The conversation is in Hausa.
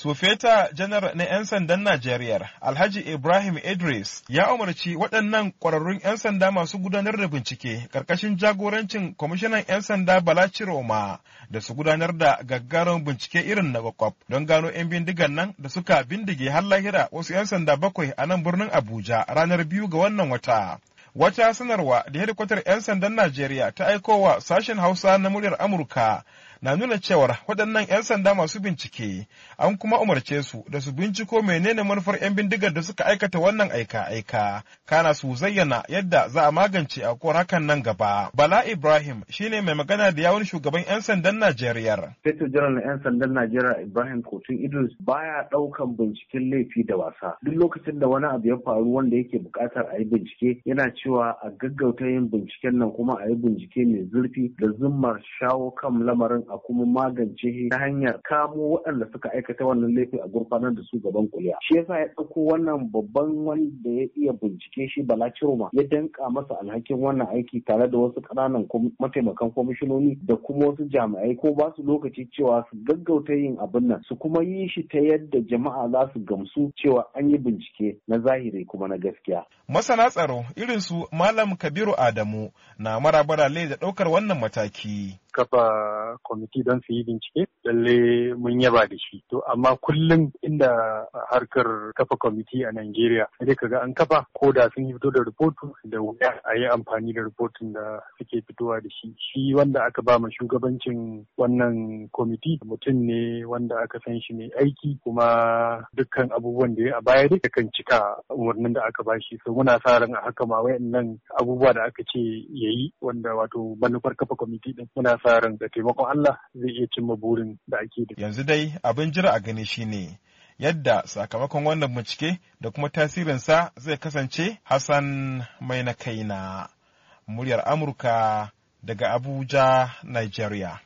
Sufeta janar na 'yan sandan Najeriya, Alhaji Ibrahim Idris, ya umarci waɗannan ƙwararrun 'yan sanda masu gudanar da bincike ƙarƙashin jagorancin kwamishinan 'yan sanda Bala Ciroma da su gudanar da gaggaron bincike irin na kwakwaf don gano 'yan bindigan nan da suka bindige har lahira wasu 'yan sanda bakwai a nan birnin Abuja ranar biyu ga wannan wata. Wata sanarwa da hedikwatar 'yan sandan Najeriya ta aikowa sashen Hausa na muryar Amurka na nuna cewar waɗannan 'yan sanda masu bincike an kuma umarce su da su binciko menene manufar 'yan bindigar da suka aikata wannan aika-aika kana su zayyana yadda za a magance a hakan nan gaba bala ibrahim shine mai magana da yawun shugaban 'yan sandan najeriya fetur jiran 'yan sandan najeriya ibrahim kotun idris baya ɗaukan binciken laifi da wasa duk lokacin da wani abu ya faru wanda yake buƙatar a yi bincike yana cewa a gaggauta yin binciken nan kuma a yi bincike mai zurfi da zummar shawo kan lamarin a kuma magance ta hanyar kamo waɗanda suka aikata wannan laifi a gurfanar da su gaban kuliya shi yasa ya ɗauko wannan babban wanda ya iya bincike shi bala ciroma ya danka masa alhakin wannan aiki tare da wasu ƙananan mataimakan kwamishinoni da kuma wasu jami'ai ko ba su lokaci cewa su gaggauta yin abin nan su kuma yi shi ta yadda jama'a za su gamsu cewa an yi bincike na zahiri kuma na gaskiya masana tsaro irin su malam kabiru adamu na marabara da ɗaukar wannan mataki kafa kwamiti don su yi bincike lalle mun yaba da shi to amma kullum inda harkar kafa kwamiti a Najeriya sai kaga an kafa ko da sun fito da rahoto da wuya a yi amfani da rahoton da suke fitowa da shi shi wanda aka ba ma shugabancin wannan kwamiti mutum ne wanda aka san shi mai aiki kuma dukkan abubuwan da ya a baya dai kan cika umarnin da aka bashi so muna sa ran a haka ma wayannan abubuwa da aka ce yayi wanda wato manufar kafa kwamiti din muna sa da taimakon Allah zai iya cimma burin da ake da. Yanzu dai abin jira a gani shi ne, yadda sakamakon wannan bincike da kuma tasirinsa zai kasance Hassan mai na kai na. muryar Amurka daga Abuja, Nigeria.